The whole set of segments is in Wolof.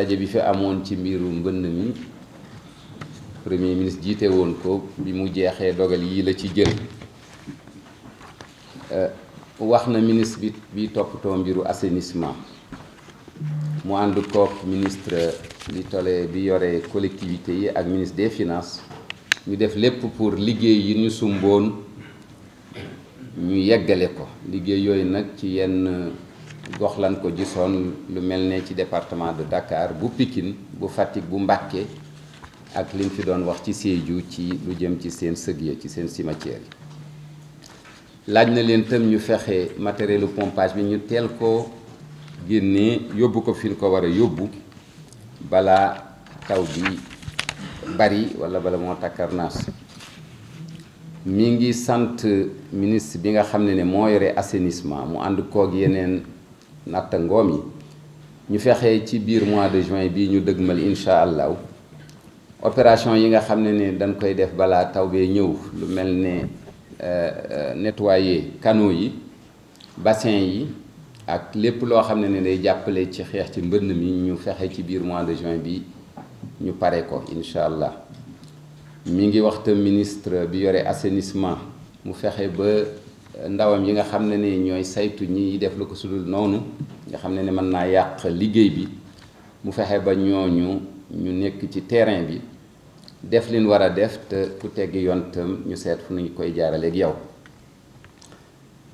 daje bi fi amoon ci mbiru mbënn mi premier ministre jiite woon ko bi mu jeexee dogal yii la ci jël euh, wax na ministre bi bi toppatoo mbiru assainissement mu ànd kook ministre li tole bi yore collectivité yi ak ministre des finances ñu def lépp pour liggéey yi ñu sumboon ñu yeggale ko liggéey yooyu nag ci yenn ...le département de Dakar bu Pikine bu Fatick bu ak liñ fi doon wax ci ci lu jëm ci seen sëg ci seen cimetière laaj na pompage bi ñu tel ko génné yóbbu ko fiñ ko war a yóbbu bari wala bala ministre bi nga xam ne ne moo assainissement nattangoom yi ñu fexé ci biir mois de juin bi ñu dëgmal incha allahu opération yi nga xamné né dañ koy def bala taw bee lu mel euh, euh nettoyer canaux yi bassin yi ak lépp lo xamné né ni day jàppale ci xex ci mbënn mi ñu fexé ci biir mois de juin bi ñu paré ko incha allah mi ngi waxta ministre bi yoré assainissement mu fexé ba ndawam yi nga xam ne ni ñooy saytu ñi def la ko sudul noonu nga xam ne ni mën naa yàq liggéey bi mu fexe ba ñooñu ñu nekk ci terrain bi def liñ war a def te ku tegg yoon ñu seet fu ñu koy jaaraleeg yow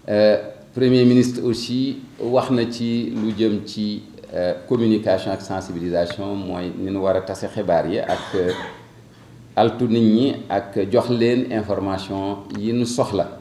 euh, premier ministre aussi wax na ci lu jëm ci euh, communication ak sensibilisation mooy ni ñu war a tase xibaar yi ak euh, altu nit ñi ak jox leen information yi ñu soxla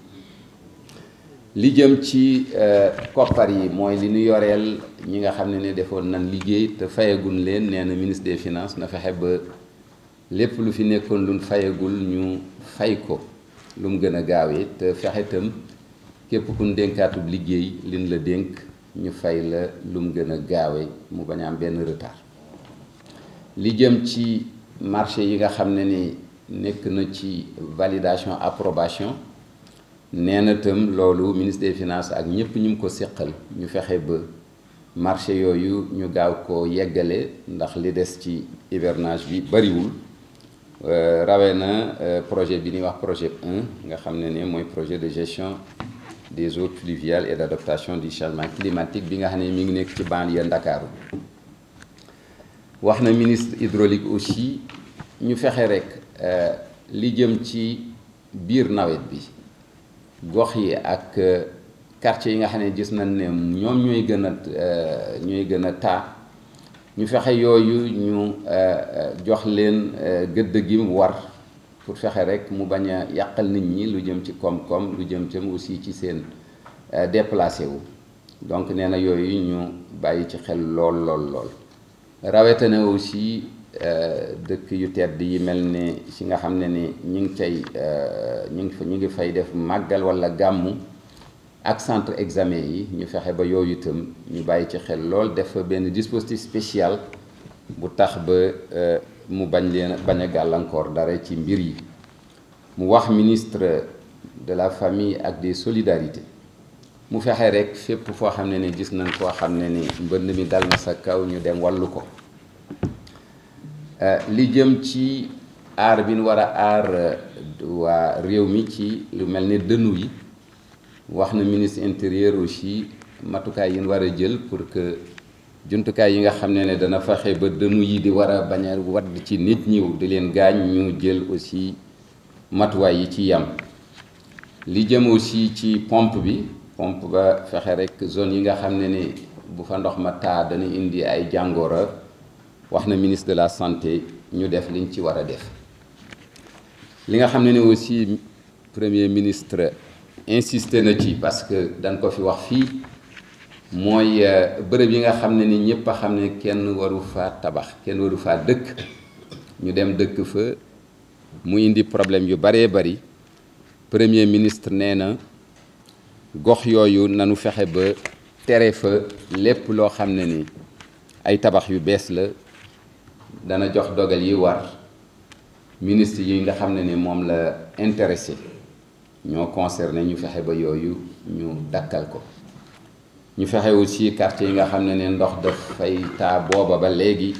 li jëm ci euh, koppar yi mooy li ñu yoreel ñi nga xam ne ne defoon nan liggéey te fayagun leen nee na ministre des finance na fexe ba lépp lu fi nekkoon luñ fayagul ñu fay ko lu mu gën a gaawee te fexe itam képp kun dénkaatub liggéey liñ la dénk ñu fay la lu mu gën a gaawee mu bañ a benn retard li jëm ci marché yi nga xam ne ni nekk na ci validation approbation nee na tam ministre des finances ak ñëpp ñu ko séqal ñu fexe ba marché yooyu ñu gaaw ko yeggale ndax li des ci hivernage bi bariwul euh, rawee na euh, projet bi ñuy wax projet 1 nga xam ne ne projet de gestion des eaux pluviales et d'adaptation du changement climatique bi nga xam ne mi ngi nekk ci banlieue Ndakaaru wax na ministre hydraulique aussi ñu fexe rek euh, li jëm ci biir nawet bi gox yi ak euh, quartier yi nga xam ne gis nañ ne ñoom ñooy gën a euh, ñooy gën a taa ñu fexe yooyu ñu euh, jox leen gëdd gi mu war pour fexe rek mu bañ a yàqal nit ñi lu jëm ci koom-koom lu jëm ci aussi ci seen déplacé wu donc nee na yooyu ñu bàyyi ci xel lool lool lool rawetane aussi Euh, dëkk yu tedd yi mel ni si nga xam ne ni ñu ngi cay euh, ñu ngi fa ñu ngi fay def màggal wala gàmmu ak centre examen yi ñu fexe ba yooyu itam ñu bàyyi ci xel lool def benn dispositif spécial bu tax ba euh, mu bañ leen bañ a gàllankoor dara ci mbir yi mu wax ministre de la famille ak des solidarités mu fexe rek fépp foo xam ne ni gis nañ koo xam ne ni mbënn mi dal na sa kaw ñu dem wàllu ko Euh, li jëm ci aar bi nu war a aar euh, waa réew mi ci lu mel ni dënnu yi wax na ministre intérieur aussi matukaay yi war a jël pour que jumtukaay yi nga xam ne ne dana fexe ba dënnu yi di war a bañ a wadd ci nit ñiw di leen gaañ ñu jël aussi matuwaay yi ci yam li jëm aussi ci pompe bi pompe ba fexe rek zone yi nga xam ne ni bu fa ndox ma taa dana indi ay jàngoro le ministre de la santé nous def liñ ci qu'il def li que ne aussi premier ministre insisté na parce que dans ko fi wax fii nous euh, avons yi nga xam ni ñepp des nous kenn waru fa tabax kenn waru ñu dem dëkk fa mu indi problème yu bari bari premier ministre avons fait gox yooyu nous fexé ba téré fa lépp ni ay tabax yu des la dana jox dogal yi war ministre yi nga xamne ne ni moom la intéressé ñoo concerné ñu fexe ba yoyu ñu dakkal ko ñu fexe aussi quartier yi nga xamne ne ndox ndox fay ta boba ba légui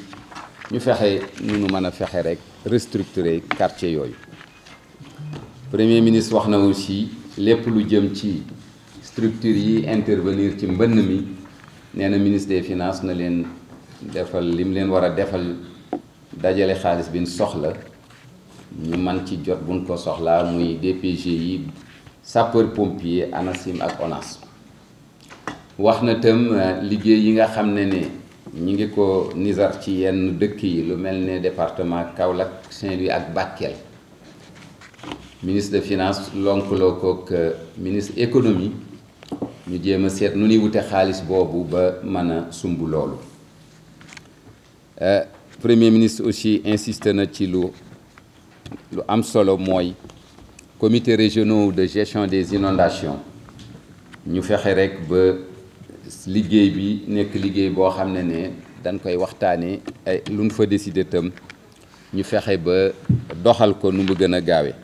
ñu fexe nu nu mëna fexe rek restructurer quartier yoyu premier ministre waxna na aussi lépp lu jëm ci structure yi intervenir ci mbënn mi néna ministre des finances na leen defal lim leen wara defal dajale xaalis bi soxla ñu man ci jot buñ ko soxla muy DPG yi sapeur pompier ANACIM ak ONAS wax na tam euh, liggéey yi nga xamne ne ñi ngi ko nizar ci yenn dëkk yi lu mel ne département Kaolack Saint-Louis ak Bakel ministre de finance ko kook euh, ministre économie ñu jéem a seet nu ni wuté xaalis boobu ba mëna sumbu loolu euh premier ministre aussi insiste na ci lu lu am solo moy comité régional de gestion des inondations ñu fexé rek ba liguey bi nek liguey bo xamné ne dañ koy waxtané luñ fa décider tam ñu fexé ba doxal ko nu mu gën